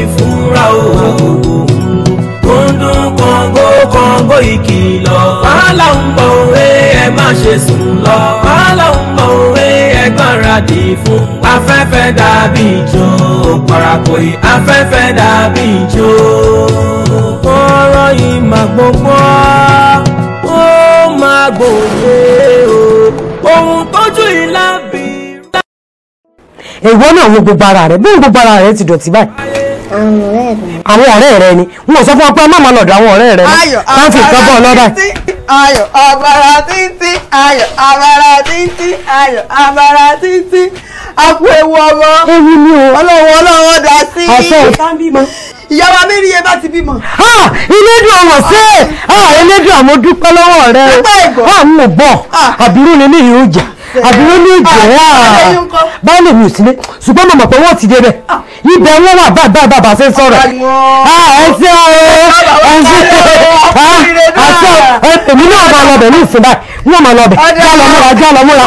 ìfura òwò kúndùn kọ̀ǹgó kọ̀ǹgó ìkìlọ̀ wàhálà ń bọ̀ òwe ẹ má ṣe sùn lọ wàhálà ń bọ̀ òwe ẹ gbáradì fún afẹ́fẹ́ dàbí ìjò parapọ̀ yìí afẹ́fẹ́ dàbí ìjò ọ̀rọ̀ yìí má gbọ́ngbọ́ ó má gbòòrè o ohun tójú ìlà bìí. èèwọ̀ náà wo gbogbo ara rẹ̀ bí gbogbo ara rẹ̀ ti dọ̀tí báyìí àwọn ọ̀rẹ́ rẹ ni wọn ò sọ fún ọ pé mọ̀mọ́ lọ́dọ̀ àwọn ọ̀rẹ́ rẹ náà fi nǹkan bọ̀ lọ́dà. ayọ̀ abara títí ayọ̀ abara títí ayọ̀ abara títí àpò ewu ọmọ ewu ni o ọlọ́wọ́ ọlọ́wọ́ dá sí ìyá wa mi rí iye bá ti bímọ. ilédùn ọmọ sí ilédùn àmọ́ dúpẹ́ lọ́wọ́ rẹ o àmọ́ bọ̀ àbúrò ni ní ìhòòjà àbúrò ní ìjẹ́ ah, báwo lè mi ò sílé ṣùgbọ́n mo mọ̀ pé wọ́n ti débẹ̀ ah. ibẹ̀ wọ́n wà bá bá ah, bàbá ṣe sọ̀rọ̀ ẹ̀sẹ̀ ẹ̀sẹ̀ ẹ̀sẹ̀ èmi náà máa lọ bẹ̀ ní ìsìn báyìí wọ́n máa lọ bẹ̀ já lọ múra já lọ múra.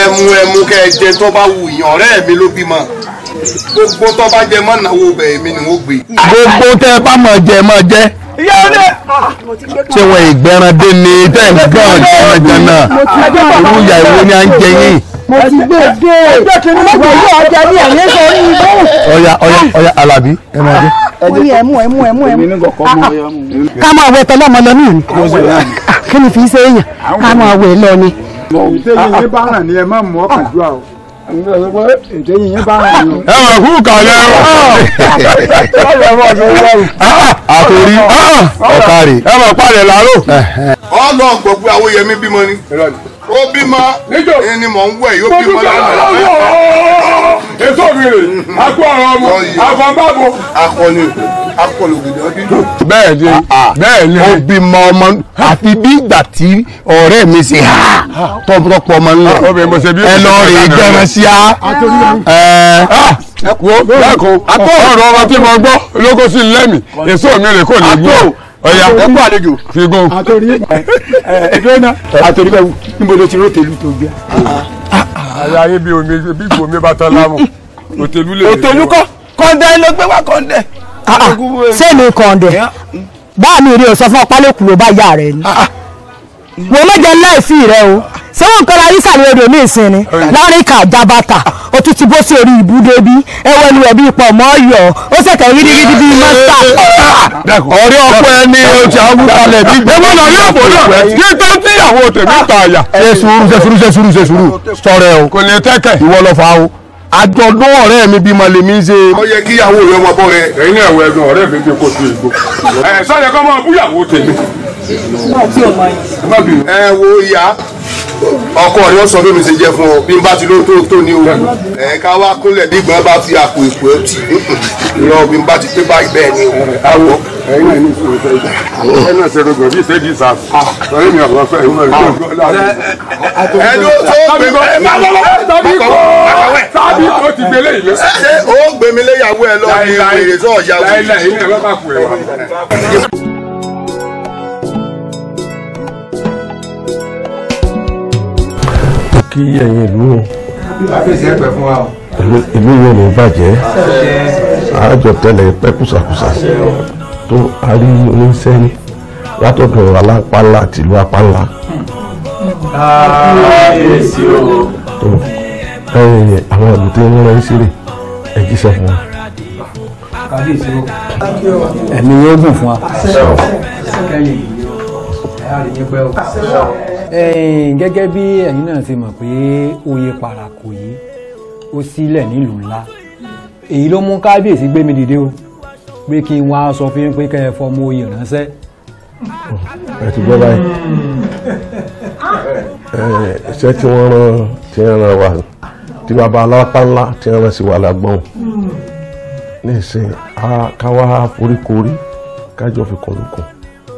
ẹmu ẹmu kẹ ẹ jẹ tó bá wù yín ọ̀rẹ́ mi ló bímọ gbogbo tó bá jẹ mọ́ náwó bẹ̀ èmi ni wọ́n gbé. gbogbo tẹ bá mọ̀ jẹ mọ̀ jẹ ṣé wọn ìgbẹ́ran dé ni tẹ́ ń gbọ́n jẹ́nàjẹ́ náà irú ìyá ìwé ni à ń jẹ yín. mo ti gbé e dé ẹjọ́ kìíní ìwà yóò ọjà ní àyè sọ ní ìbò. ọya ọya ọya Àlàbí ẹ máa dé. wọ́n ní ẹ̀mú ẹ̀mú ẹ̀mú ẹ̀mú ká máa wẹ tọ́lọ́mọ lọ nìyí kí ni fi ṣe èèyàn ká máa wẹ lọ ni. ìdílé yìí bá ràn ní ẹ má mú ọkàn jù àwọn ètò yìnyín bá hàn kú kàlẹ́ o. Ah, ah, ọ̀kàrí ẹ wà pàdé làárọ̀. ọlọ́ọ̀ gbogbo bímọ ni ó bímọ ẹni mọ̀ ń wẹ̀ yóò bímọ lánàá. ètò òbíire akọ ọ̀rọ̀ ọmọ àfọ̀nbábo. akọni akọni òbíire ọdún dùn. bẹ́ẹ̀ ni ah, ah. bẹ́ẹ̀ ni ó bímọ ọmọ àfi bí ìgbà tí ọ̀rẹ́ mi ṣe hà ah. tọpọtọpọ ọmọ ńlá ẹ lọ rè jẹrán sí a. ẹ wo bẹ́ẹ̀ kó akọ ọ̀rọ̀ ọmọ tí mo gbọ́ lóko sí lẹ́mìí èso mi rè kò ní gbọ́ ọ̀yà ẹ kú àlejò fígùn. àtòrí ìgbẹ́nà àtòrí bẹ́ẹ̀ níbo ló ti ró tèlú tó gbé. àyà ayé bí omi bí ìbò omi bá tán lámù òtèlú lè. òtèlú kọ́ kọ́ńdẹ́ ló gbé wá kọ́ńdẹ́. sẹ́mi kọ́ńdẹ́ báà mi rí o sọ fún ọpálẹ́kùn ló bá yà rẹ ni ah, ah. wọ́n mọ̀jẹ̀ láìsí rẹ o ṣé wọn kọ́ra yísàlẹ̀ odò ní ìsìn ni láríkà jábàtà òtútù bó sí orí ìbú débi ẹwọ ẹnu ẹbí pọ̀ mọ́ ọ̀yọ́ ó ṣẹ̀kẹ̀ gidigidi bíi mọ́tà. ọ̀rẹ́ ọ̀pọ̀ ẹni ọjà awúkalẹ̀ bí gbé. ẹ̀wọ̀n náà yóò bọ̀ náà kí n tó tíyàwó tèmi ah. ta àyà. ṣe sùúrù ṣe sùúrù ṣe sùúrù ṣe sùúrù sọ̀rọ̀ ẹ̀ o kò ní tẹ́kẹ̀ ìwọ lọ fa o àjọ̀dún ọ̀rẹ́ mi bímọ lèmi ń ṣe. ó yẹ kí ìyàwó rẹ ọkọ rẹ sọ bí mi ṣe jẹ fún ọ bí n bá ti ló tó tó ní ogun ẹ ká wá kúnlẹ̀ dígbọn bá fi àpò ìpò ẹ tì lọ bí n bá ti pé báyìí bẹ́ẹ̀ ni o. awo ẹyin náà ní ìṣòro sá sọrí mi ọ̀rọ̀ fẹ ìwúrọ̀ ìṣòro fẹ láàrin. ẹni tó gbé ẹ má lọ tàbí kọ tàbí kọ ti gbélé ìlú. ṣé o gbèmí léyàwó ẹ lọ ní ìrètò ọ̀yàwó. kí ẹ̀yin ìlú o. ìlú yóò ní bàjẹ́ àjọ tẹ́lẹ̀ pẹ́kùsàkùsà tó a rí oníṣẹ́ ní látọ̀dọ̀ alápálá tìlú apálá. àwọn ìlú tí wọ́n rán sí rè ẹ jíṣẹ́ fún wa. ẹ̀mí yóò gùn fún wa. kẹ́yìn ìlú ẹ̀ á rí yín pẹ́ o gẹ́gẹ́ bí ẹ̀yin náà ṣe mọ̀ pé oyè paraku yìí ó sílẹ̀ nílùú ńlá èyí ló mú kábíyèsí gbé mi dìde o pé kí n wá sọ fún yín pé kẹ́ ẹ fọmọ oyè ránṣẹ́. ẹ ti gbọ́ báyìí ṣé tí wọ́n rán tí wọ́n rán wa tí bàbá alápá ńlá tí wọ́n rán sí wa lágbọ́n ní ìsìn ká wá foríkorí ká jọ fi kọ̀ọ̀lùkùn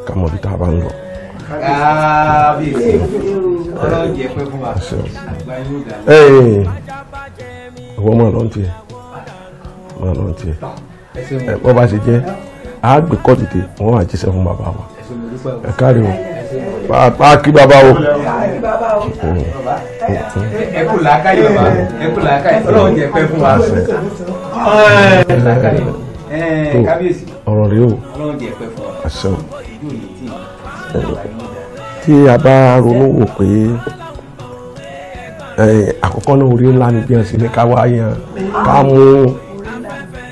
ká mọ̀ bí tá a bá ń lọ kábíyèsí ọlọ́run jẹ pẹ́ máa lọ tiẹ máa wọ́n bá ṣe jẹ́ àgbẹ̀ kọ́ tètè wọ́n wà jíṣẹ́ fún bàbá wa ẹ káre o pa kí bàbá o. ẹ kú làákàyè bàbá ẹ kú làákàyè ọlọ́run jẹ pẹ́ fún wa kábíyèsí ọ̀rọ̀ jẹ pẹ́ fún wa tí a bá ronú wò pé àkọ́kọ́ náà orí ńlá ni bí wọ́n ṣe ní ká wá yan ká mú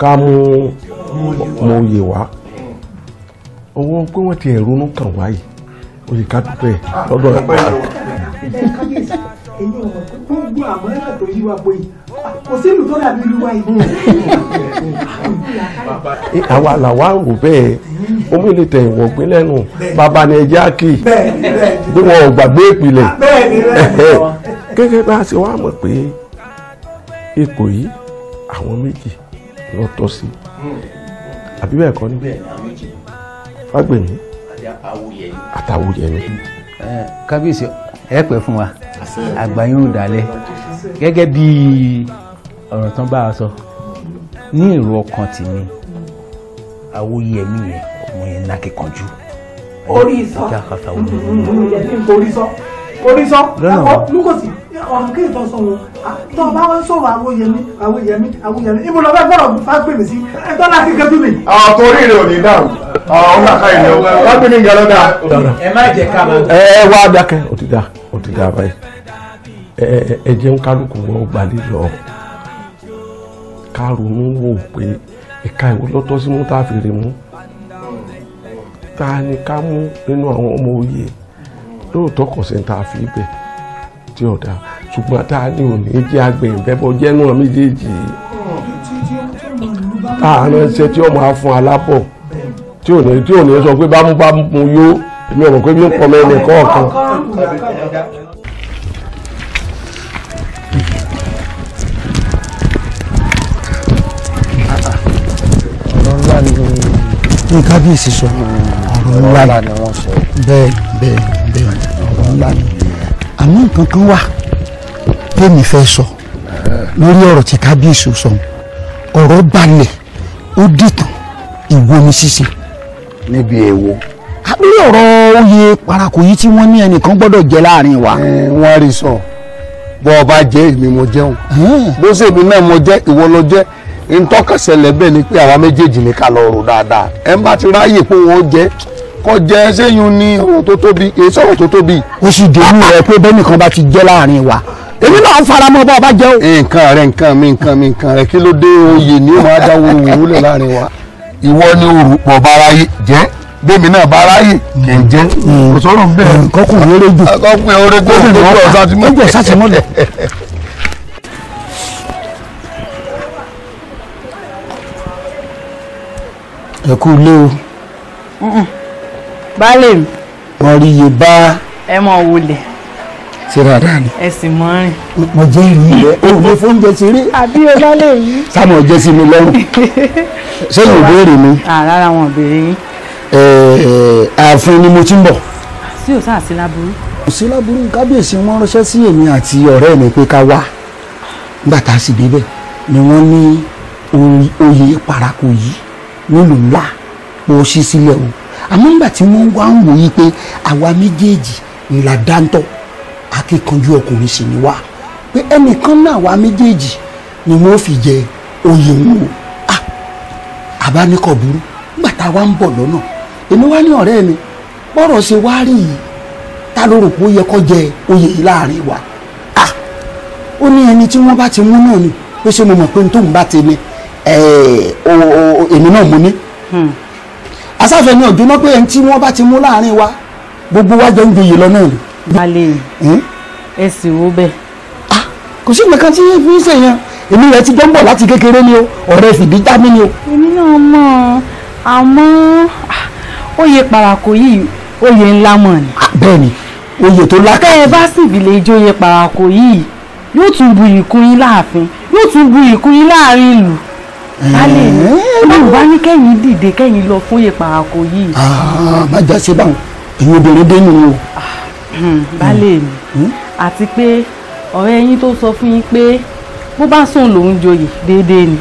ká mú mo yè wá owó pé wọ́n ti ronú kàn wá yìí ká dúpẹ́ lọ́dọ̀ ẹ̀. gbogbo àmọ́ ẹ̀rọ tó yí wa bóyá kò sí ìlú tó dàbí ìlú wa yìí. àwa làwa wò bẹ́ẹ̀ omi lè tẹ̀ ìwọ̀ gbé lẹ́nu bàbá ni ẹja kì í bí wọn ò gbàgbé ìpìlẹ̀ gẹ́gẹ́ bá a ṣe wá mọ̀ pé ipò yìí àwọn méjì ló tọ́ sí àbí bẹ́ẹ̀ kọ́ níbẹ̀ Fágbèmí àtàwòyẹ ni. kábíyèsí ẹ pẹ́ fún wa àgbáyé ò dalẹ̀ gẹ́gẹ́ bí ọ̀rọ̀ tán bá a sọ ní èrò ọkàn tèmi awóyẹmí yẹn ọmọ yẹn nákè kanjú. orí sọ orí sọ orí sọ lúkọsí ọ̀rọ̀ kí n tọ́ sọ wọn tó o bá wọn sọ̀rọ̀ awóyẹmí awóyẹmí awóyẹmí ìmọ̀ lọ́gbà gbọ́dọ̀ fà pè mí sí ẹ tọ́ láti kẹjú mi. ọ̀tọ̀ orí rẹ̀ ò ní dáhùn ọ̀hún kàkà ìlẹ̀ wọ́n pè ní ìgbàlódà. ẹ má jẹ ká máa. ẹ wá dákẹ́ òtítà òtítà báyìí ẹ jẹun kálukú wọn gbalẹ̀ lọ ká ronú wò pé ẹ̀ka ìwọ lọ́tọ́ sí mú tá a fi rí mú tá a ní ká mú nínú àwọn ọmọ òye lóòótọ́ kò sí tá a fi bẹ̀ tí ọ̀dà ṣùgbọ́n tá a ní òní jẹ́ àgbẹ̀ ìbẹ́bọ̀ jẹ́ náà méjèèjì tá a ránṣẹ́ tí ọmọ á fún alábọ̀ tí ò tí ò sọ pé bámú yó èmi ò mọ̀ pé mi ń pọ̀ mẹ́rin kọ̀ọ̀kan. ní kábíyèsí sọ hmm. ọ̀rọ̀ ńlá ni bẹ́ẹ̀ bẹ́ẹ̀ bẹ́ẹ̀ ọ̀rọ̀ ńlá ni àmọ́ nǹkan kan wà tèmi fẹ́ sọ lórí ọ̀rọ̀ tí kábíyèsí sọ ọ̀rọ̀ balẹ̀ ó dìtàn ìwo ni sísè. níbi èwo. àbúrò ọ̀rọ̀ oyè parako yìí tí wọ́n ní ẹnìkan gbọ́dọ̀ jẹ láàrin wa. wọ́n rí sọ bọ́ ọba jẹ́ èmi mo jẹun bó ṣèmi náà mo jẹ́ ìwọ lọ jẹ́ ntọ́kànṣẹlẹ̀ bẹ́ẹ̀ ni pé àwa méjèèjì ní ká lọ rò dáadáa ẹ má ti ráyè pé wọ́n jẹ́ kọjá ẹsẹ̀yìn ní ọ̀rọ̀ tó tóbi èyí sọ̀rọ̀ tó tóbi. ó sì dènú rẹ pé bẹ́ẹ̀ nìkan bá ti jẹ́ láàrin wa èmi náà ń fara mọ́ bá a bá jẹ́ o. nǹkan rẹ nǹkan mi nǹkan mi nǹkan rẹ kí ló dé oyè ni ó máa dáwọ́ òwúrò lẹ̀ láàrin wa. ìwọ ni òrùpọ̀ bára jẹ́ bẹ́ẹ̀mi náà bá ráyè kì í jẹ́ kò sọ̀rọ̀ bẹ́ẹ̀. kọkùnrin orogún kọkùnrin orogún kò gbọ́dọ̀ sátìmọ́lẹ̀. ẹ kú ilé o. baálé mi. mo rí iye bá. ẹ mọ wọlé. ṣe dáadáa ni. ẹ sì mọ rìn. mo jẹ́ ìrìn rẹ̀ o mo fún oúnjẹ ṣeré. àbí o baálé mi. sáàmù ọjẹ́ sí mi lọ́rùn. sẹ́yìn ò béèrè mi. rárá wọn ò béèrè yín. ààfin ni mo ti ń bọ̀. sí ò sáà sí láburú. kò sí láburú kábíyèsí wọn ránṣẹ́ sí èmi àti ọ̀rẹ́ mi pé ká wá nígbà tá a sì débẹ̀ ni wọ́n ní oyè paraku yìí nílùú ńlá wọn ṣí sílẹ̀ o àmọ́ nígbà tí wọ́n wá ń wòye pé àwa méjèèjì ńlá dáńtọ́ akíkanjú ọkùnrin sì ni wá pé ẹnìkan náà àwa méjèèjì ni wọ́n fi jẹ oyè ń wò àbánikọ̀ burú nígbà tá a wá ń bọ̀ lọ́nà èmi wá ní ọ̀rẹ́ mi bọ́rọ̀ ṣe wá rí yìí ta ló rò pé ó yẹ kó jẹ oyè yìí láàrin wa ó ní ẹni tí wọ́n bá ti mú náà ni ó ṣe mo mọ̀ pé n tóun bá ti ní Eh, èmi náà mo ní hmm. asáfẹ́ ní ọ̀dún náà pé ẹni tí wọ́n bá ti mú láàrin wa gbogbo wa jọ ń joyè lọ náà ni. balẹ̀ ẹ sì wó bẹ́ẹ̀. Ah, kò sí nǹkan tí fi ń sèyàn èmi rẹ ti dánbọ̀ láti kékeré ni o ọ̀rẹ́ fìdí já mi ni o. èmi náà mọ̀ àmọ́ ah, oyè parako yìí oyè ńlá mọ̀ ni. Ah, bẹ́ẹ̀ni oyè tó lákàtà. bẹ́ẹ̀ bá sì bìlẹ̀ ìjòyè parako yìí yóò tún bu ìkún yín láàfin yóò tún bu ìkún yín láàrin ìlú alẹ́ ní bá ní kẹ́yìn dìde kẹ́yìn lọ fún ìpààkò yìí. má já sí báwọn èyí obìnrin dé nù o. balẹ̀ mi àti pé ọ̀rẹ́ yín tó sọ fún yín pé bó bá sùn lòún joyè déédéé ni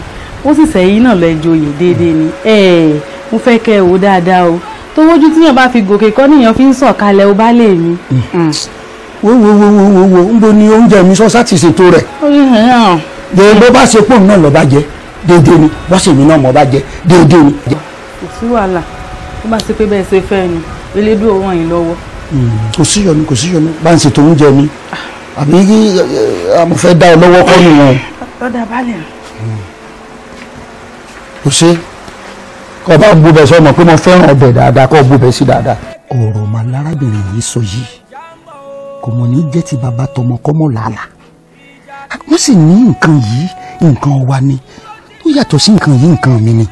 ó sì sẹ́yìn náà lọ joyè déédéé ni ẹ̀ẹ́ mo fẹ́ kẹ́ ẹ wò dáadáa o tó wójú tíyàn bá fi gòkè kọ́ níyàn fi ń sọ̀kalẹ̀ o balẹ̀ mi. wo wo wo wo wo wo ń bo ni oúnjẹ mi sọ sátì ṣètò rẹ̀. bó bá ṣe pò náà lọ́ọ́ bá déédéé ni wọ́n sì mí náà mọ̀ bá jẹ déédéé ni. kò sí wàhálà tó bá ṣe pé bẹ́ẹ̀ ṣe fẹ́ ni elédùn òun àyìn lọ́wọ́. Hmm, kò sí yọnu kò sí yọnu bá ń ṣètò oúnjẹ mi àbí mo fẹ́ dá ọ lọ́wọ́ kọ́ nìyẹn. lọ́dà balẹ̀. kò sí kọ́ bá bu bẹ̀ sọ́mọ pé mo fẹ́ràn ọbẹ̀ dáadáa kọ́ bu bẹ̀ sí dáadáa. ọ̀rọ̀ mà lárábìnrin yìí sọ yìí kò mọ̀ ní jẹ́ ti bàbá tọmọ làálàá wọ́n sì ní nǹkan yìí nǹkan wa ni ó yàtọ̀ sí nǹkan yìí nǹkan mi ni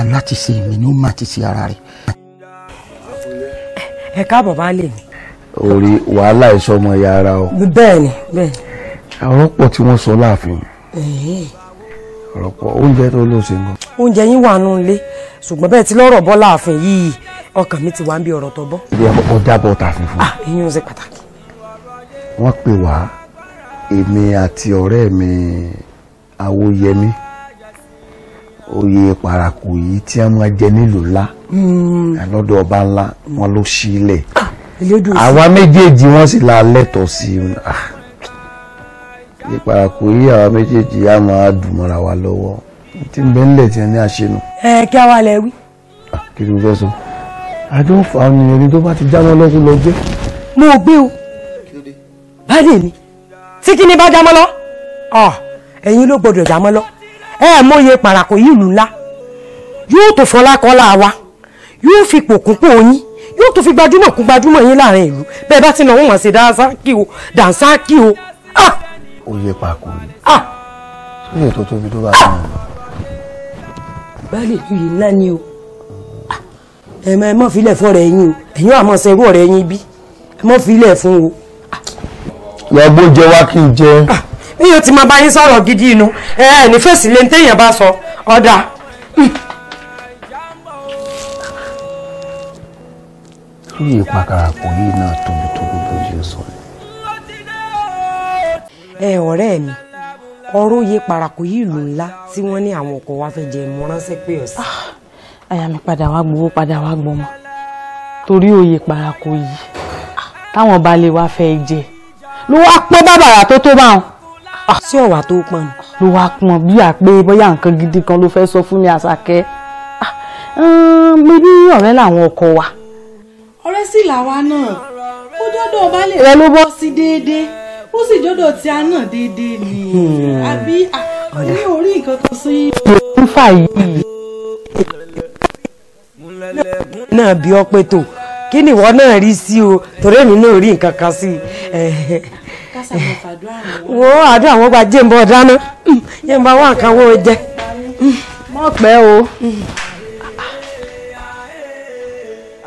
alátiṣe mi ni ó máa ti ṣe ara rẹ̀. ẹ káàbọ̀ bá lè mi. orí wàhálà ìsọmọ ìyá ara o. bẹ́ẹ̀ni bẹ́ẹ̀ni. àwọn tí wọ́n sọ láàfin. ọ̀rọ̀ oúnjẹ tó ló ṣe ń bọ̀. oúnjẹ yín wà nù ilé ṣùgbọ́n bẹ́ẹ̀ tí lọ́rọ̀ bọ́ láàfin yìí ọkàn mi ti wá ń bí ọ̀rọ̀ tó bọ́. ilé ọkọ̀ jábọ̀ tàfin fún. ah ìyún ṣe pàtàkì. wọ́n pè wá èmi àti ọ̀rẹ́ mi awóyẹmí oyè paraku yìí tí a máa jẹ nílùú ńlá hmm. lọ́dọ̀ ọba ńlá wọn ló ṣí ilẹ̀ ah, àwa méjèèjì wọ́n sì la lẹ́tọ̀ọ́ sí i ìparaku ah. yìí àwa méjèèjì a máa dùn mọ́ra wa lọ́wọ́ tí n bẹ ń lẹ̀ tí a ní àṣẹnu. ẹ kí a wà lẹ wí. Ah, kí ni mo fẹ́ sọ àjọ fa ọ̀nìyàn ni tó bá ti jáwọ́ lọ́kùn lọ jẹ́. mo gbé o bá dè mí tí kíní bá jámọ́ lọ ah, ẹ̀yin ló gbọ́dọ̀ jámọ́ lọ ẹ mọ̀ye pàràkò yìí lù ńlá yóò tó fọlá kọ́lá wa yóò fi pòkúnpò yín yóò tó fi gbajúmọ̀ kún gbajúmọ̀ yín láàrin ìlú bẹ́ẹ̀ bá ti nà wọ́n mọ̀ sí o dánsákì o. oyè ah! pàkó yìí sóyè tó tóbi tó bá tó yàn. baálé ìlú yìí ńlá ni o ah! ẹ má filẹ̀ fún ọ̀rẹ́ yín o ẹ̀yin àmọ́ sẹ́rú ọ̀rẹ́ yín bí ẹ má filẹ̀ fún o lọ bó jẹ wá kí n jẹ. Ah, mi ò ti máa bá yín sọ̀rọ̀ gidi inú ẹ ẹ ní fèsì lè ń téèyàn bá sọ ọ̀dà. Hmm. lórí ìpàkàràkọ yìí náà tóbi tó gbogbo yìí sọ. ẹ ọ̀rẹ́ mi ọ̀rọ̀ yé parakò yìí ìlú ńlá tí wọ́n ní àwọn ọkọ̀ wa fẹ́ jẹ mọ́ ránṣẹ́ pé ọ̀sẹ̀. àyà ah, mi padà wá gbowó padà wá gbọmọ torí òye parakò yìí ah, táwọn baálé wa fẹ́ jẹ ló wá pọ́n bàbàrà tó tó bá wọn. sí ah, ọ̀wà tó pọn ni. ló wá pọn bí àpé bóyá nǹkan gidi kan ló fẹ́ sọ fún mi àṣàkẹ́ bíbí ah, um, ọ̀rẹ́ làwọn ọkọ wa. ọ̀rẹ́ sì làwa náà ó dọ́dọ̀ ọba lè rẹ ló bọ́ sí déédéé ó sì dọ́dọ̀ tí a náà déédéé ni hmm. àbí ní orí nǹkan kan sí. òun fà yìí. náà bí ọ pé tó kí ni ìwọ náà rí sí o torí èmi náà rí nǹkan kan sí i wo àdúrà wọn gba jẹ́ǹbọ̀ dáná mm, jẹ́ǹbọ̀ wà nǹkan wo jẹ mm, mọ̀ pẹ́ o. Mm.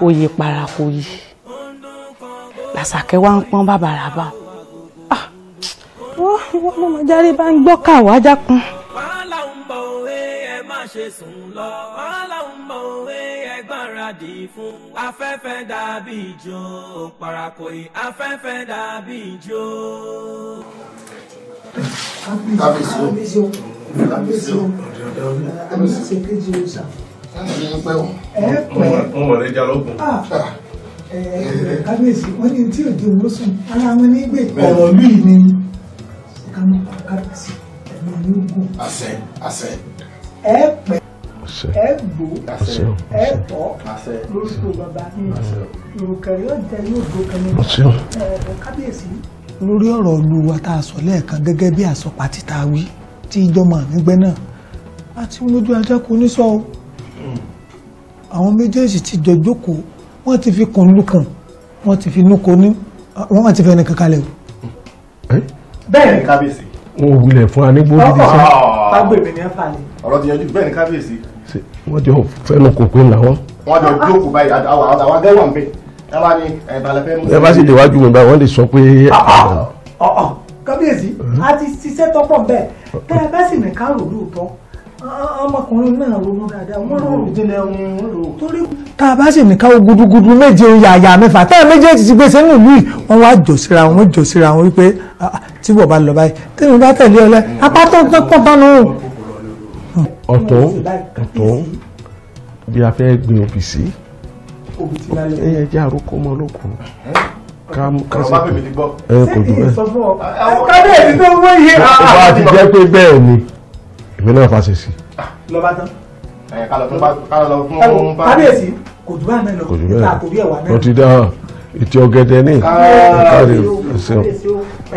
oyè paraku yìí làṣàkẹ́ wa ń pọ́n bàbàràbà ah, wọ́n wọ́n ló mọ járe bá ń gbọ́ káwọ́ ajá kun. wàhálà ń bọ̀ òwe ẹ má ṣe sùn lọ wàhálà ń afẹ́fẹ́ gbáradì fún afẹ́fẹ́ dàbí ijó parakòyí afẹ́fẹ́ dàbí ijó. kábíyèsí o kábíyèsí o kábíyèsí kejì o sà. ẹ pẹ́ wọn wọlé jalógun ah, kábíyèsí wọ́n ní tí òjò wọ́n sùn ara wọn ní gbè ọ̀rọ̀ lùí ni ká mọ̀ kábíyèsí ẹ̀mí yóò gùn. àṣẹ àṣẹ. ẹ pẹ́ ẹ gbó ẹ bọ́ lórúkọ bàbá ìrùkẹ̀rẹ̀ yóò jẹ́ yóò dókan ní kábíyèsí. lórí ọ̀rọ̀ olúwa tá a sọ lẹ́ẹ̀kan gẹ́gẹ́ bí àsọpá tí ta wí tí ìjọba nígbẹ́ náà àti lójú ajá kò ní sọ o àwọn méjèèjì ti jọ jókòó wọ́n ti fi kàn lukàn wọ́n ti fi núkọ ní wọ́n máa ti fẹ́ nìkan kalẹ̀ o. bẹ́ẹ̀ ni kábíyèsí. wọn ò wulẹ̀ fún wa ní gbòógì dísẹ́. ọgbẹ́ mi ni ẹ fà ní. ọ̀rọ̀ ti yanjú bẹ́ẹ̀ kábíyèsí wọ́n jọ fẹ́nu kòkó làwọn. wọ́n jọ jókòó báyìí àwọn àwọn gẹ́wà ń bẹ̀ ẹ bá ní ẹ̀bàlẹ̀ fẹ́ mú. ẹ bá sì lè wájú mi báyìí wọ́n lè sọ pé. Ah, ah, ah, kábíyèsí hmm? a ti ṣiṣẹ́ tọ́pọ̀ bẹ́ẹ̀ tẹ́ ẹ bá sì ní ká rò lóòótọ́ ọmọkùnrin náà ronú dáadáa wọ́n rò jinlẹ̀ wọn rò. torí tá a bá sì ní káwọ́ gudugudu méje yàyà mẹ́fà tá méjèèjì ti gbèsè nílùú yìí wọ́n wá jọ wọn jọ wọn wípé tí wọ́n bá lọ báyìí tẹ́lẹ̀ bá tẹ̀lé ọ lẹ́ apá tó ń pọ̀ bá ọ̀tún ọ̀tún bí a fẹ́ gbin òbí sí ẹ jẹ́ àrókò mọ́ lóko ká ká sí ẹ kò jù bẹ́ẹ̀. kábíyèsí tó wọ́n yé. ó bá ti jẹ́ pé bẹ́ẹ̀ ni èmi náà fàṣẹ sí. lọ bá tán. ká lọ fún bá. kábíyèsí kò jù bẹ́ẹ̀ lọ kò jù bẹ́ẹ̀ lọ ti dá ìtì ọ̀gẹ̀dẹ̀ ní ẹ̀káre ẹ̀sìn ọ̀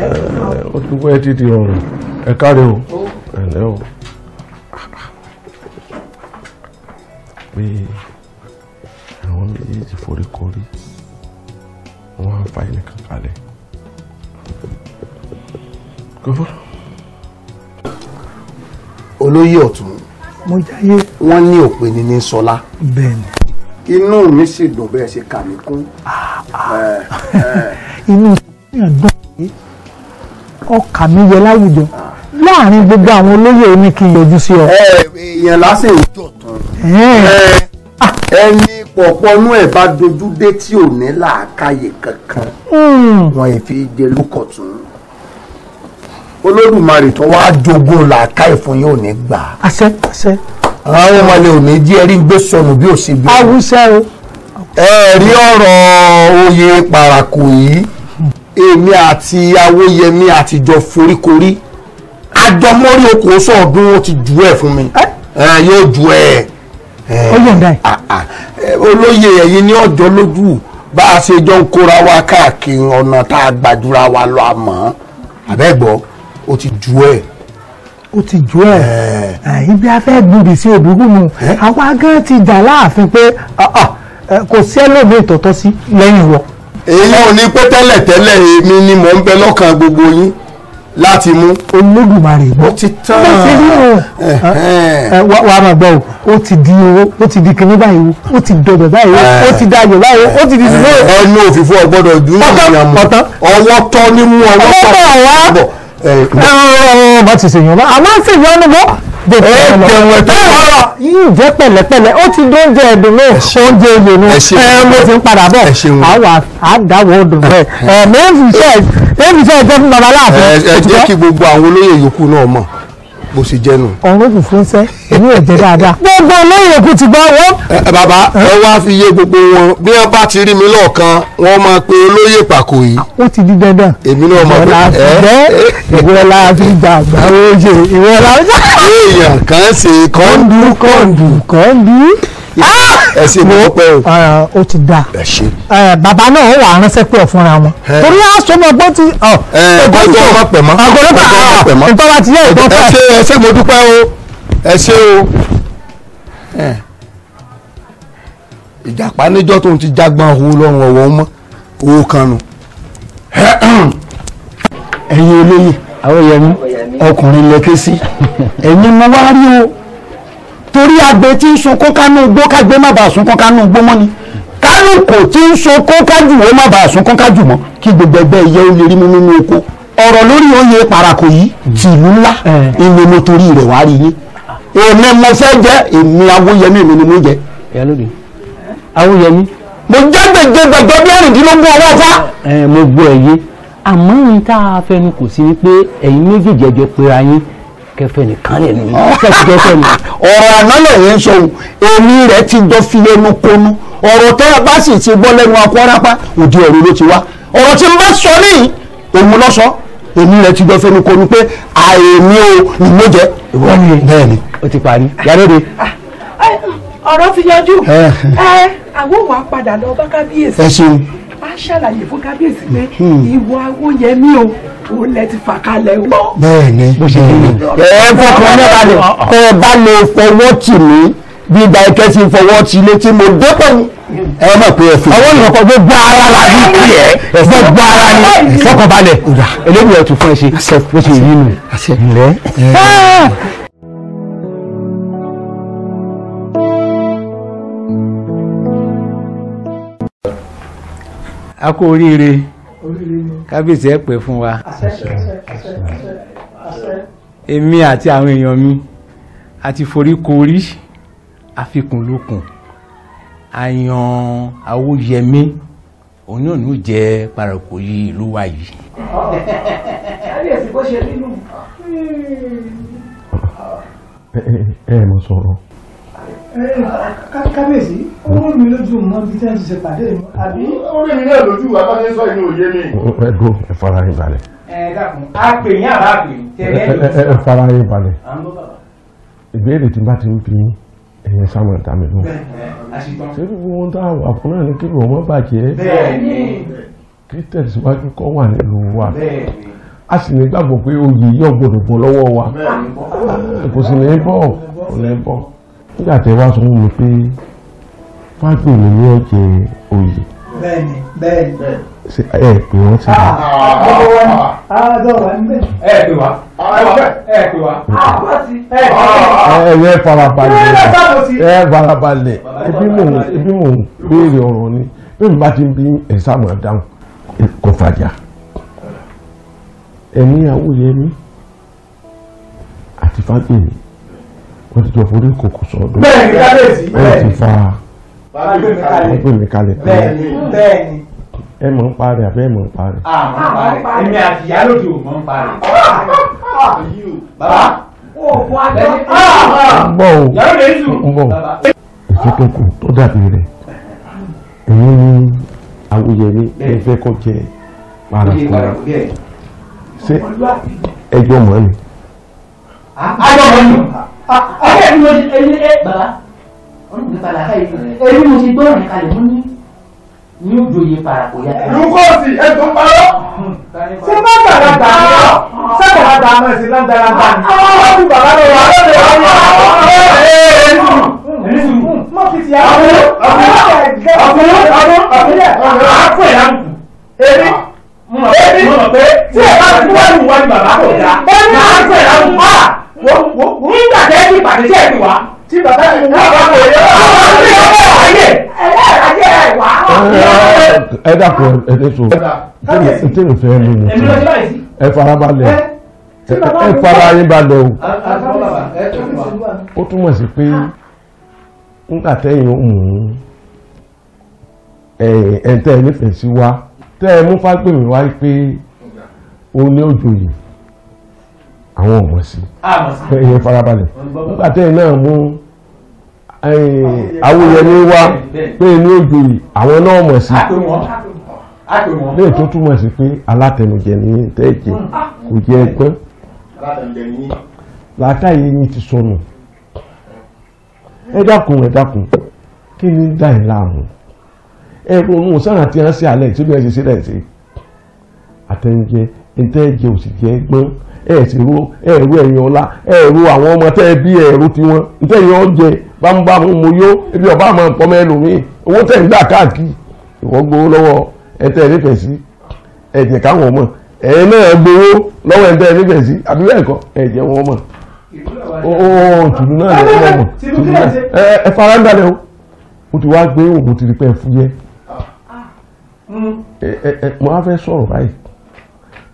ẹ̀ ẹ̀ ó ti wọ́n ẹ̀ ti di ọ̀rùn ẹ̀káre o ẹ̀lẹ́ o. pé àwọn méjèèjì forí korí wọ́n á fa ilẹ̀ kan kalẹ̀ kófó. olóyè ọ̀tún mo jáyé wọ́n ní òpè ní ní sọlá. bẹ́ẹ̀ni. inú mi sì dùn bẹ́ẹ̀ ṣe kà mí kún. Ah, ah. Eh, eh. inú mi ò dùn pé ọkà mi yẹ láwùjọ ah. láàrin gbogbo àwọn olóyè oníkìyọjú sí ọ. ẹ eh, ìyẹn lásìkò. Eh. Eh. Ah. ẹni pọ̀pọ́nú ẹ̀ bá dojú dé tí ò ní làákàyè kankan hmm. wọn ẹ̀ fi jẹ lókọ̀tún olódùmarè tó wá jogún làákàyè fún yóò ní gbà. àṣẹ àṣẹ. àwọn ọmọlẹ ò ní jí ẹrí ń gbé sọnù bí ò sí bí. awúṣẹ́ o. ẹ rí ọ̀rọ̀ oyè paraku yìí èmi àti awóyẹmí àtijọ́ foríkorí àjọmọ́rí okòó sọ̀ọ́dún ó ti jù ẹ̀ fún mi eh. yóò jù ẹ̀ ọyọ̀ ǹda ẹ̀. Ah, ah. olóyè ẹ̀yin ní ọjọ́ lójú bá a ṣe jọ ń kóra wa káàkiri ọ̀nà tá a gbàdúrà wa lọ àmọ́ àbẹ́gbọ́ ó ti ju ẹ̀. ó ti ju ẹ̀ eh. ah, ibi afẹ́ gbòdì sí òdúgbò mu eh? àwa gan ti dà láàfin pé eh, kò sí ẹlòmíì tọ̀tọ̀ sí lẹ́yìn wọ. èyí ò ní pẹ́ tẹ́lẹ̀tẹ́lẹ̀ èmi ni mò ń bẹ lọ́kàn gbogbo yín láti mú. olódùmarè gbọ́ ó ti tán wàá máa gbọ́ o ó ti di owó ó ti di kinní báyìí ó ti dọ̀dọ̀ báyìí ó ti dayọ̀ báyìí ó ti di sinú. ẹnu òfìfo ọgbọ́dọ̀ ju ìyàn mọ ọwọ́ tọ́ ní mú ọwọ́ tọ́ ọwọ́ tọ́ wá ọmọ ti ṣèyàn bá a máa ń ṣèyàn ọmọ bọ́ jẹ́ pẹ̀lẹ́pẹ̀lẹ́ ó ti dóúnjẹ ẹ̀dùn náà oúnjẹ oyè nu mo ti ń padà bọ̀ àwọn àdáwọ̀ ọdún rẹ̀ èmi ń fi iṣẹ́ ìjọ fún babaláàfin. ẹ jẹ́ kí gbogbo àwọn olóyè yòókù náà mọ̀ bó ṣe jẹ́nu. ọ̀rọ̀ kò fún sẹ́ èmi ò jẹ́ dáadáa. gbogbo olóyè kò ti gbọ́ wọ́n. bàbá ẹ wá fi yé gbogbo wọn bí wọn bá ti rí mi lọ́ọ̀kan wọn máa pe olóyè pàkó yìí. Ah, ó ti di dandan. èmi náà mọ̀ pé ẹ ìwọ la fi gbà gbà oyè ìwọ la fi gbà. èèyàn kan ṣe kọ́ńdú kọ́ńdú kọ́ńdú. Ah! ẹ sì mú pẹ́ o. Ah, ó ti da eh, bàbá náà ó wà ránṣẹ́ pé ọ̀fúnra wọn torí àsomọ gbọ́ ti ọgọ́jọ́ ọgọ́jọ́ ọgọ́jọ́ ìtọ́wà ti yẹ ìbọn fẹ́. ẹ ṣé mo dúpẹ́ o ẹ ṣé o eh. ìjàpá níjọ́ tó ń ti jágbọ́n owó lọ́rùn ọ̀wọ́ mọ́ owó kan nù. ẹ̀yin olóyè àwọn yẹn ọkùnrin lẹ́kẹ́ sí ẹ̀yin mo wá rí o torí agbe tí ń sunkún kánú igbó kágbe má bàa sunkún kánú igbó mọ́ ni kálukú tí ń sunkún kájùwé má bàa sunkún kájù mọ́ kí gbogbo ẹgbẹ́ ìyẹ ó lè rí mú nínú oko ọ̀rọ̀ lórí oyè parako yìí tìlú ńlá ìlú mo torí rẹ̀ wá rí yín èmi mo fẹ́ jẹ́ èmi awóyẹmí èmi ni mo jẹ. awóyẹmí. mo jẹ́ gbèjè gbẹ̀gbẹ́ bí ẹ̀rìndínlógún ọwọ́ fa. mo gbọ́ ẹ yé àmọ́ ohun tá a fẹnu kò sí ni pé ẹ̀yin méjèèjì ẹjọ́ pera yín kẹfẹ nìkan lè ní kẹsì kẹfẹ ní. ọ̀rọ̀ àná lẹ́yìn sọ èmi rẹ̀ ti jọ fi ẹnu kọnu ọ̀rọ̀ tẹ́ ẹ bá sì ti gbọ́ lẹ́nu akọ́rápá òdi ọ̀rọ̀ ló ti wá ọ̀rọ̀ tí n bá sọ ní òun lọ́sọ èmi rẹ̀ ti jọ fẹnu kọnu pé àìní o nìyó jẹ. ìwọ ni bẹ́ẹ̀ ni o ti parí yàrá-èdè. Ah, ah, ọ̀rọ̀ ti yanjú eh. Eh, àwọn òun á padà lọ bá kábíyèsí. ẹ ṣeun á ṣàlàyé fún kábíyèsí pé hmm. ìwọ Awóyẹmí o ó lẹ ti fà kalẹ̀ o. bẹ́ẹ̀ni bẹ́ẹ̀ni ẹ fọkàn náà balẹ̀ tẹ ẹ bá lè fọwọ́ tì mí bí ìgbà ìkẹ́ ti fọwọ́ tì létí mo dépò ẹ mọ̀ pé ẹ fi ọwọ́ ìrọ̀kọ̀ gbogbo ara la bí kí ẹ gbogbo ara ni fọkàn balẹ̀ eléyìí ẹ tún fún ẹ ṣe bó ṣe yí nù ẹ. a kú oríire kábíyèsí ẹ pẹ́ fún wa èmi àti àwọn èèyàn mi a ti forí korí àfikùnlukùn àyàn awóyẹmí òun náà ló jẹ parako yìí ìlú wa yìí. kábíyèsí bó ṣe nínú. ẹ ẹ mọ sọ̀rọ̀ kábíyèsí orí mi lójú mọ bí tí wọn ti ṣe pàdé mi àbí. orí mi náà lójú abájẹ sọ inú òye mi. ẹ gbó ẹ fara yín balẹ̀. ẹ dàkún a pè yín àbá pè tẹ́lẹ̀ ló sọ. ẹ fara yín balẹ̀. ìbéèrè tí bá ti ń fi ẹyẹ sáwọn ìta mi lóhùn. ṣé gbogbo ohun tá a wà fún náà ni kí lóun má bàjẹ́. kí tẹ̀síwájú kọ́ wà nílùú wa a sì ní gbàgbọ́ pé oyè yóò gbọ́dọ̀ bọ́ lọ́wọ́ wa kò sì ní bọ́ kò ní bọ́ nígbà tí wàá sọ fún mi pé fágbèmí ni ó jẹ oyè. bẹ́ẹ̀ni bẹ́ẹ̀ni bẹ́ẹ̀ni ṣe ẹ pè wọn sí i. ẹ pè wá ẹ pè wá ẹ farabalẹ̀ ẹ farabalẹ̀ ibi mò ń ibi mò ń béèrè ọ̀rọ̀ ni bí mi bá ti ń bí ẹ̀sàmù àdáhùn kò fàjà ẹ̀mí àwòyẹ mi àti fàgbẹ̀mí wọ́n ti jọ forí kòkò sọ̀dọ̀ bẹ́ẹ̀ni kábíyèsí bẹ́ẹ̀ni wọ́n ti fa wọ́n pè mí kalẹ̀ bẹ́ẹ̀ni bẹ́ẹ̀ni. ẹ mọ̀ ń parẹ́ àbẹ́ ẹ mọ̀ ń parẹ́. àmọ́ ah, ń parẹ́ èmi àti ìyá lòdì ò mọ̀ ń parẹ́. bàbá òògùn abẹ́ ní. ń bọ̀ o ń bọ̀ ètò tó tó dàbí rẹ̀ èyí ni Awuyemi ẹ fẹ́ kọ́ jẹ para ṣé ẹjọ́ mọ́ ni. ajọ́ ah, mọ́ ni ọ̀rẹ́ mi ẹni ẹ bàbá ọ̀rẹ́ mi padà ká ìlú ẹni mo ti gbọ́ ọ̀rẹ́ kalẹ̀ mú ní ní òjòyè para kò yá. lukọ́sì ẹ̀dùn parọ́ ṣé má bàbá gbà á lọ ṣé bàbá gbà á mọ̀ sí lágbára gbà á. wọ́n ti bàbá lọ wà lọ́dọ̀ wà ní àwọn ọ̀rẹ́ mọ̀ fi ti àwọn ọ̀rẹ́ ọ̀kùnrin ọ̀kùnrin ọ̀kùnrin ọ̀kùnrin àpò ẹ̀yà ń kù èmi èmi tí ẹ bá ti wá ní wá ní bàbá kò dá ó ní àpò ẹ̀yà ń kù wo wo wo. nígbà tẹ́ ẹ ti pàdé tẹ́ ẹ ti wá. tí bàbá mi wá bá wò yẹ. ọ̀rọ̀ mi ò bẹ̀ wáyé ẹ̀ẹ́dájẹ́ ẹ̀ wá. ẹ dàpọ̀ ẹ dé so tí mi fẹ́ mi nù. ẹ farabalẹ̀ ẹ fara yín balẹ̀ o. ó túmọ̀ sí pé nígbà tẹ́yìn ó mú un ẹ̀ẹ́dẹ́ nífẹ̀ẹ́ sí wa tẹ́ ẹ mú fágbèmí wáyé pé o ní òjòyè àwọn ò mọ̀ sí ẹ̀yẹ farabalẹ̀ nígbà tẹ́yìn náà mú awuyẹni wá pé ní òjòyè àwọn náà mọ̀ sí lè tó túmọ̀ sí pé alátẹnujẹ ní tẹ́ẹ̀jẹ̀ hmm. kò jẹ́ ẹgbẹ́ látàyè yín ti sọnù ẹ dákun ẹ dákun kí ni dá ẹ láàmú ẹ ronú sáà tí a ń ṣe alẹ́ ìṣẹ́bí ẹ ṣe sílẹ̀ sí àtẹnujẹ ntẹ́ jẹ òsì jẹ́ gbọ́n ẹ̀ sì ro ẹ̀rú ẹ̀yìn ọ̀la ẹ̀rú àwọn ọmọ tẹ́ bí ẹ̀rú tiwọn ntẹ́ yẹn ọ́ jẹ bámúbámú mo yó ebi ọba àmọ́ nǹkan mẹ́lòmíì owó tẹ̀ ń gbà káàkiri ìwọ́ gbowó lọ́wọ́ ẹ tẹ́ ẹ nífẹ̀ẹ́ sí ẹ jẹ́ káwọn ọmọ ẹ náà gbowó lọ́wọ́ ẹ tẹ́ ẹ nífẹ̀ẹ́ sí àbí bẹ́ẹ̀ kọ́ ẹ jẹ́ wọn mọ̀ ó tùdú náà lọ́wọ́ mọ̀ tùdú náà ẹ fara ń dalẹ̀ o mo ti wá gbé òun mo ti rí pẹ́ fúyẹ́ ah, ah, mm. mo á fẹ́ sọ̀rọ̀ báyìí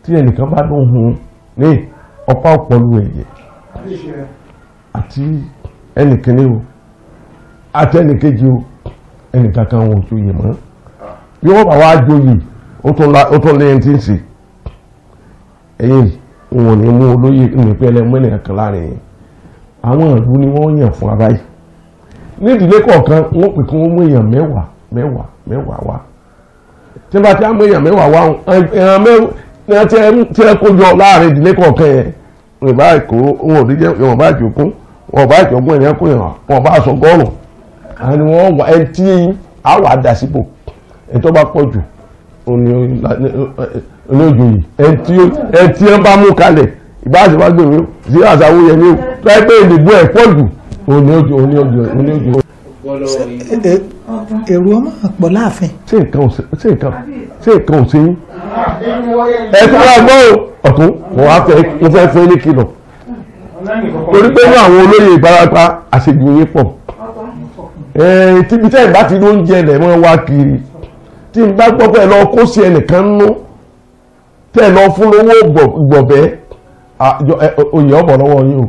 tí ẹnìkan bá ló hun ní ọ̀pá ọ̀pọ̀lù ẹ̀jẹ̀ àti ẹnìkíní o àti ẹnìkejì o ẹnìkankan wọn ò joyè mọ́ bí wọ́n bá wá joyè ó tún lẹ́yìn tí ń sè ẹ̀yìn wọn ni ní mú olóyè nípẹ́ ẹlẹ́mú kan láàrin yẹn àwọn ìlú ni wọ́n yàn fún abáyé nídìílé kọ̀ọ̀kan wọ́n pè kí wọ́n mú èèyàn mẹ́wàá mẹ́wàá mẹ́wàá wá tí wọ́n bá ti á mú èèyàn mẹ́wàá wá ni a ti ẹ kó jọ láàrin ìdílé kọ̀ọ̀kan yẹn wọn bá kó wọn ò ní jẹ wọn bá jòkó wọn bá jọgbọ́n ẹ̀yàn kó yàn wọn bá sọ gọ́rùn àwọn ni wọn wà ẹni tí àwọn àdásípò ẹni tó bá pọ̀ jù olóòjò yìí ẹni tí wọn bá mú kalẹ̀ ìbáṣe wá gbèrú sí àṣà owó ní o tó ẹgbẹ́ ìdìbò ẹ̀ pọ̀ jù oníojú oníojú oníojú èrò ọmọ àpọ̀ láàfin. ṣé nǹkan ò ṣe nǹkan ṣé nǹkan ò ṣe yín. ẹ tó wá gbọ́ ọ̀tún mo wá fẹ́ mo fẹ́ fún yín ní kìlọ̀ torí pé ní àwọn olóyè ìbarapá àṣejù yín pọ̀ tíbi tẹ́ ìbá ti ló ń jẹ ẹ̀ mọ́ wá kiri tí n bá gbọ́ pé ẹ lọ kó sí ẹnìkan nú tẹ́ ẹ lọ fún lówó gbọ̀bẹ́ oyè ọ̀bọ̀ lọ́wọ́ yín o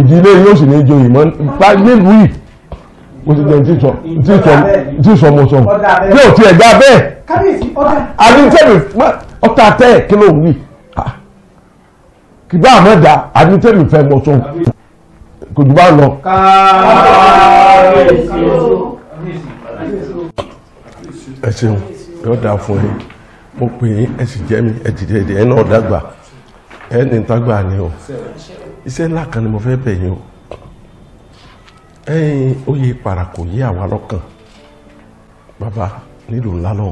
ìdílé yóò sì ní joyè mọ́ nílùú yìí mo ti tẹ̀sí sọ tí sọ mo sọ bí o tiẹ̀ gbà bẹ́ẹ̀ àdìtẹ́mi ọ̀tá tẹ́ ẹ̀ kí ló ń wí kìbá àmọ́dá àdìtẹ́mi fẹ́ mo sọ kò jù bá lọ. ẹ ṣeun yóò dáa fún yín mo pè é ẹ sì jẹ́ mi ẹ dìde ẹ̀dẹ̀ ẹ náà dàgbà ẹ ní tágbà ni o iṣẹ́ ńlá kan ni mo fẹ́ bẹ̀ yín o ẹyin oyè para kò yé àwa lọ́kàn bàbá nílùú ńlá náà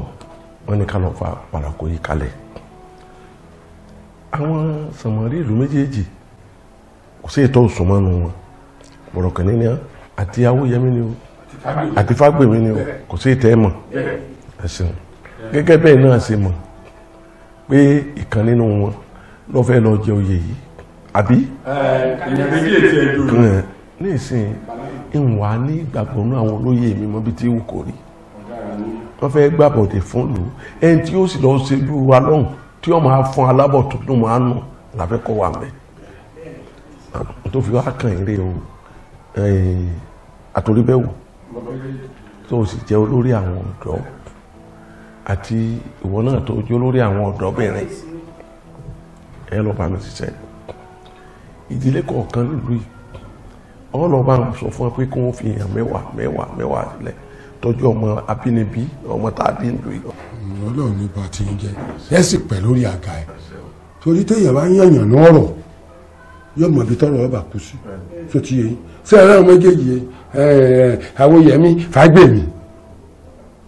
wọ́n ní ká lọ fa para kò yí kalẹ̀ àwọn sàmọ́rí ìlú méjèèjì kò sí ètò òsùnmọ́nu wọn bọ̀rọ̀kẹ́ni ni àti awóyẹmí ni o àti fágbèmí ni o kò sí ètò ẹ̀ mọ̀ ẹ̀ sìn gẹ́gẹ́ bẹ́ẹ̀ náà ṣe mọ̀ pé ìkan nínú wọn ló fẹ́ lọ jẹ oyè yìí àbí. ní ìsìn ìwà ní ìgbàgbọ́ ní àwọn olóyè mi mọ́ bí tí ó kò rí wọ́n fẹ́ gbàbọ̀dẹ̀ fún lù ẹni tí ó sì lọ ṣe bí wa lọ́hùn tí ó máa fún alábọ̀ tó tó máa nù làfẹ́ kọ́ wà mẹ́ tó fi wá kàn eré o àtòríbẹ̀wò tó o sì jẹ́ olórí àwọn ọ̀dọ́ àti ìwọ náà tó jẹ́ olórí àwọn ọ̀dọ́bìnrin ẹ lọ́ọ́ bá mi ṣiṣẹ́ ìdílé kọ̀ọ̀kan nílùú yìí ọlọ́ba ń sọ fún ẹ pé kí wọ́n fi hàn mẹ́wàá mẹ́wàá mẹ́wàá sílẹ̀ tọ́jú ọmọ abínibí ọmọ tá a bí ń lò yìí. ọlọ́run ní bá ti ń jẹ ẹ sì pẹ̀ lórí àga ẹ̀ torí téèyàn bá ń yànyàn ní ọ̀rọ̀ yóò mọ̀ bí tọ́rọ̀ ọba kú sí tó ti yẹ yín sí ẹ̀rọ àwọn méjèèjì Àwòyẹ̀mí Fágbèmí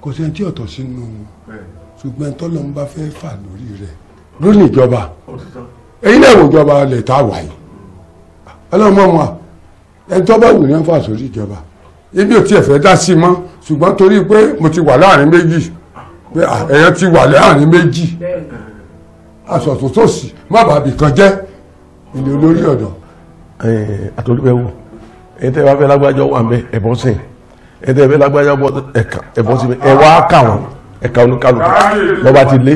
kò sí ẹni tí ọ̀tọ̀ sínú wọn ṣùgbọ́n tọ́lọ́ ń bá fẹ́ fà lórí rẹ̀ lórí ìjọba èyí náà wò ìjọba lè tá a wà yìí ọlọ́run mọ̀ wọn ẹjọ́ bá wù ní ẹ̀fà sórí ìjọba ibi ò tí ẹ̀ fẹ́ dá sí mọ́ ṣùgbọ́n torí pé mo ti wà láàrin méjì pé ẹ̀yàn ti wà láàrin méjì aṣọ tó tó sì má bàbí kan jẹ́ ilé olórí ọ̀dọ̀. àtòlùpẹ̀ wò ẹ tẹ́ wá fẹ́ lágbájọ́ wà ń bẹ ẹ̀bọ́ sìn ẹ tẹ́ fẹ́ lágbájọ́ ẹ̀bọ́ sí ẹ wá kà wọ́n ẹ̀ka oníkàlùkù lọ́ba ti lé.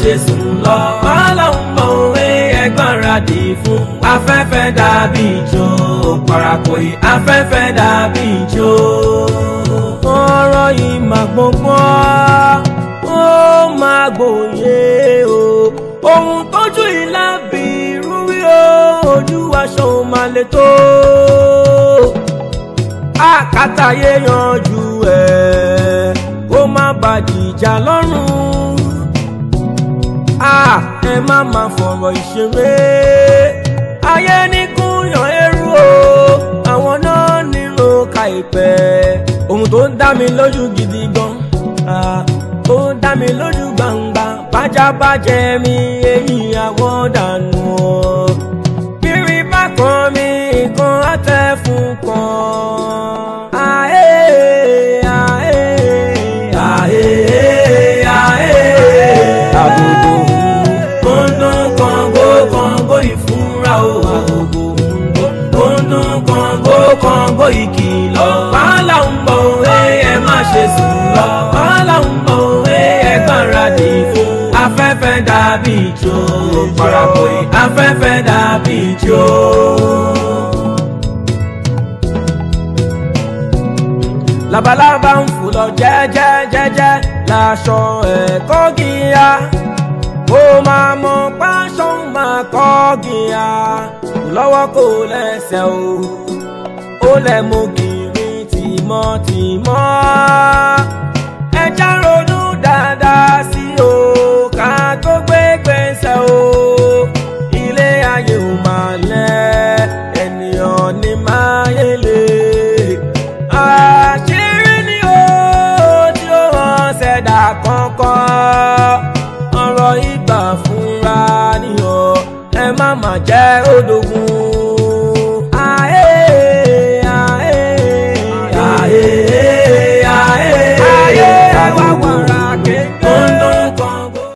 ṣe sùn lọ. ọlọ́run mọ òwe ẹ̀gbọ́n radì fún. afẹ́fẹ́ dàbí ìjó parapọ̀ yìí afẹ́fẹ́ dàbí ìjó. ọ̀rọ̀ yìí máa gbọ́ngbọ́n ó máa gbòye o ohun tójú ìlà bìrú rí o ojú aṣọ ò máa le tó àkàtàyé yanjú ẹ̀ kó má bàjìjà lọ́rùn ẹ má máa fọ̀rọ̀ ìṣeré ayé ní kúnyàn ẹrú o àwọn náà nílò ka ìpẹ́ ohun tó ń dá mi lójú gidi gan tó ń dá mi lójú gbangba bájábájẹ́ mi èyí àwọn dànù o bírí bá kan mi. kọ́ńgó ìkìlọ̀ wàhálà ń bọ̀ ẹ ẹ má ṣe sùn lọ wàhálà ń bọ̀ ẹ ẹ gbáradì fún afẹ́fẹ́ dàbí ìjó parapọ̀ afẹ́fẹ́ dàbí ìjó. labalábá ń fò lọ jẹ́jẹ́jẹ́jẹ́ láṣọ ẹ̀kọ́ gíga ó máa mọ pásán máa kọ́ gíga lọ́wọ́ kò lẹ́sẹ̀ o ó lẹ̀ mú kiri tìmọ́tìmọ́ ẹja ronú dáadáa sí o ká tó gbé gbèsè o ilé ayé ò máa lẹ́ ènìyàn ní máa yẹlé àṣírí ni ó tí ó hàn ṣẹ̀dá kankan ọ̀rọ̀ ìgbà fúnra ni ẹ má má jẹ́ odògùn.